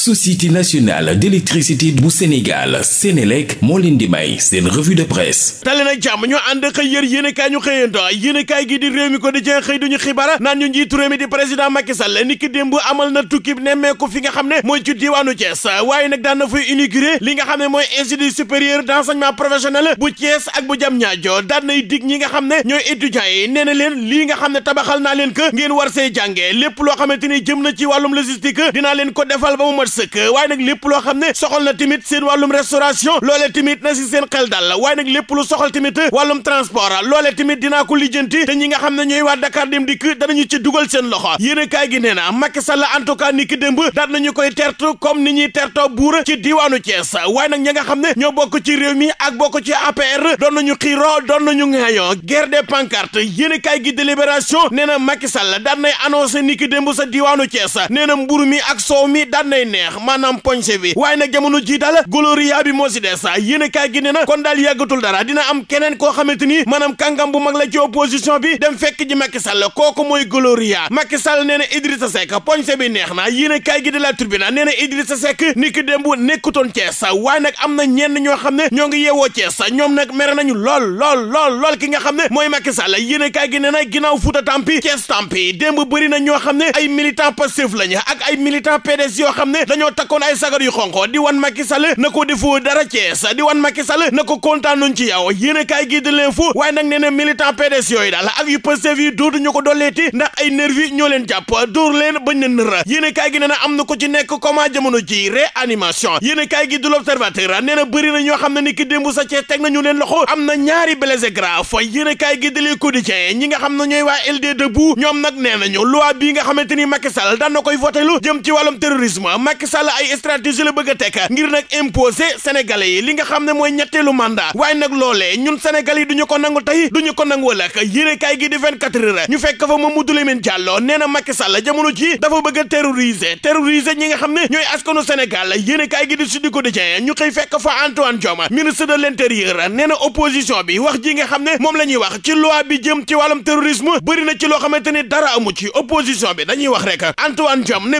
société nationale d'électricité bu Sénégal Sénélec moo leen di may seen revue de presse tali nag jàmm ñu ànd xëy yër yéenekaay ñu xëyanto yéenekaay gi di réew mi ko di xëy duñu xibaar naan ñu njiitu réew mi di président Macky ni ki démb amal na tukki nemmeeku fi nga xam ne mooy ci diwaanu Thiès waaye nag daan na fay inauguré li nga xam ne mooy institut supérieur d'enseignement professionnel ñi nga xam ne ñooy étudiants yi nee na nga xam ne tabaxal naa leen ko ngeen war see jàngee lépp loo xamante ni jëm na ci wàllum logistique dinaa sëkk waaye nag lépp loo xam ne soxal na tamit seen wàllum restauration loolee tamit na si seen xel dal waaye nag lépp lu soxal tamit wàllum transport loolee tamit dinaa ko lijjanti te ñi nga xam ne ñooy waa Dakar dem dikk danañu ci dugal seen loxo yéen kaay gi nee na Macky Sall en tout cas ni ki démb daan nañu koy tertu comme ni ñuy tertoo buur ci diwaanu Thiès waaye nag ñi nga xam ne ñoo bokk ci réew mi ak bokk ci APR doon nañu xiiroo doon nañu ŋaayoo guerre des pancartes na Macky Sall daan nay annoncé ni ki démb sa diwaanu Thiès nee mi ak mi daan neex maanaam poñse bi waaye nag jamono ji daal gloria bi moo si des yéen a kaay gi ne na kon daal yàggatul dara dina am keneen koo xamante ni maanaam kàngam bu mag la ci opposition bi dem fekk ji Macky Sall kooku mooy gloria Macky Sall nee na Idrissa neex na yéen a kaay gi de la tribune nee na Idrissa Seck nekkutoon Thiès waaye nag am na ñenn ñoo xam ne ñoo ngi yeewoo Thiès ñoom nag mere lool lool lool lool ki nga ne mooy Macky Sall yéen a dañoo takkoon ay sagar yu xonq di wan Macky Sall na ko defoo dara Thiès wan Macky Sall na ko kontaanuñ ci yow yéen a kaay gi di leen fu waaye nag nee na militant yooyu daal ak yu Pastef yi dootuñu ko dolleeti ndax ay nervi ñoo leen jàpp dóor leen bañ leen nëra yéen a kaay gi nee na am na ko ci nekk comment jamono ji réanimation yéen a kaay gi du l'observateur nee bëri na ñoo xam ne ni ki démb sa Thiès teg nañu leen loxo am na ñaari blessé grave yéen a kaay gi di leen ñi nga xam ne ñooy waa LD debout nee nañu loi nga xamante ni Macky Sall daan na koy voté lu jëm ci wàllum terrorisme Macky Sall ay stratégie la bëgg a teg ngir nag imposer sénégalais yi li nga xam ne mooy ñetteelu mandat waaye nag loolee ñun sénégalais yi du ñu ko nangu tey du ñu ko nangu ëllëg yéene kaay gi di 24 heures ñu fekk fa Mamadou Lamine Diallo nee na Macky Sall jamono ji dafa bëgg a terroriser terroriser xam ne ñooy askanu Sénégal yéene kaay gi di Sud Quotidien ñu xëy fekk fa Antoine Diome ministre de l'intérieur nee na opposition bi wax ji nga xam ne moom la ñuy wax ci loi bi jëm ci wàllum terrorisme bëri na ci loo ni dara amu ci opposition bi dañuy wax rek Antoine Diome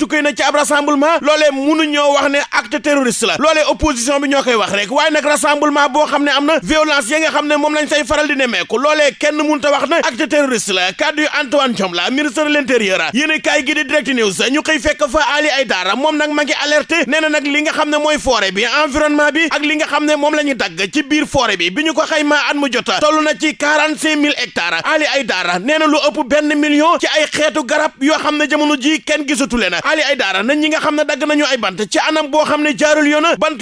tukkee na ci ab rassemblement loolee mënuñoo wax ne acte terroriste la loolee opposition bi ñoo koy wax rek waaye nag rassemblement boo xam ne am na violence yi nga xam ne moom lañ say faral di nemmeeku loolee kenn mënuta wax na acte terroriste la kàddu yu Antoine Diome la ministre de l'intérieur yéen kaay gi di direct news ñu koy fekk fa Ali Aïdara moom nag ma ngi alerté nee na nag li nga xam ne mooy forêt bi environnement bi ak li nga xam ne moom la ñu dagg ci biir forêt bi bi ñu ko xaymaa at mu jota toll na ci quarante cinq mille hectares Ali Aïdara nee na lu ëpp benn million ci ay xeetu garab yoo xam ne jamono ji kenn gisatu leen Ali Aydara nañ ñi nga xam ne dagg nañu ay bant ci anam boo xam ne jaarul yoon wax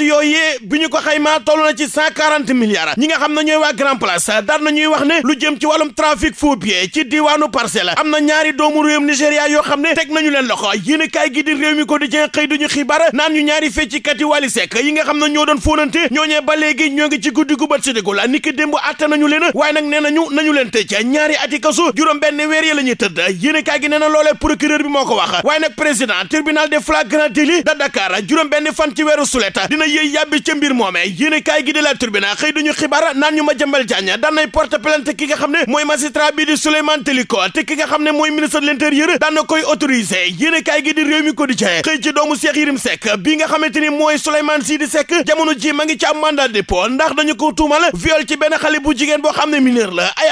ne lu jëm am na ñaari doomu réewum Nigéria yoo xam ne teg nañu leen loxo yéen a kaay gi di réew mi quotidien xëy duñu xibaar naan ñu ñaari feccikat yi Wally Seck yi nga xam ne ñoo doon fóonante ñooñee ba léegi ñoo ngi ci guddi gu bët séddigu la ni ki démb atte nañu leen waaye nag nee nañu nañu leen tëj ñaari ati kasu juróom benn weer yi tëdd yéen a kaay gi nee na loolee bi moo ko wax waaye nag président tribunal de flagrant délit de Dakar juróom benn fan ci weeru sulet dina yëy yàbbi ca moome yéene kaay gi de la tribunal xëy duñu xibaar naan ñu ma jëmbal jaañ porte plainte ki nga xam ne mooy magistrat bi di Souleymane Teliko te ki nga xam ne mooy ministre de l'intérieur daan na koy autorisé yéene kaay gi di réew mi quotidien xëy doomu Cheikh Yérim Seck bi nga xamante ni mooy Souleymane Sidi Seck jamono ji ma ngi ci am mandat dépôt ndax dañu ko tuumal viol ci boo xam ne mineur la ay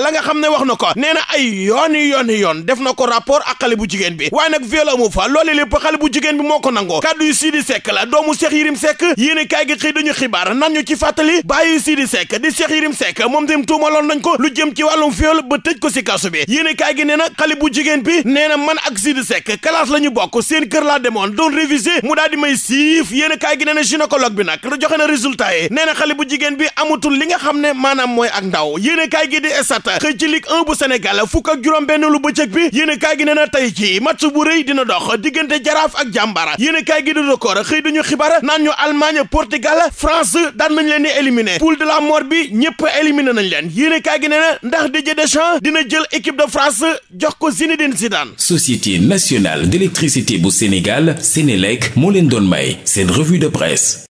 la nga xam ne wax na ko nee na ay yooni yooni yoon def na ko rapport a xale bu jigéen bi waaye nag viol amu fa loolu lépp xale bu jigéen bi moo ko nangoo kàddu yu Sidi la doomu Cheikh Yirim Seck yéene kaay gi xëy dañu xibaar nan ñu ci fàttali bàyyi Sidi Seck di Cheikh Yirim Seck moom dem tuumaloon nañ ko lu jëm ci wàllum viol ba tëj ko si kaso bi yéene gi nee na jigéen bi nee man ak Sidi Seck classe la ñu bokk seen kër laa demoon doon réviser mu daal may siif yéene kaay benn lu bëccëg bi yéen a gi nee na tey ci mat bu rëy dina dox diggante jaraaf ak jàmbaara yéen a kaay gi di record xëy duñu xibar naan ñu Allemagne Portugal France daan nañ leen di éliminer poule de la mort bi ñëpp éliminer nañ leen yéen a kaay gi nee na ndax Didier Deschamps dina jël équipe de France jox ko Zinedine Zidane. Société nationale d'électricité bu Sénégal Sénélec moo leen doon may seen revue de presse.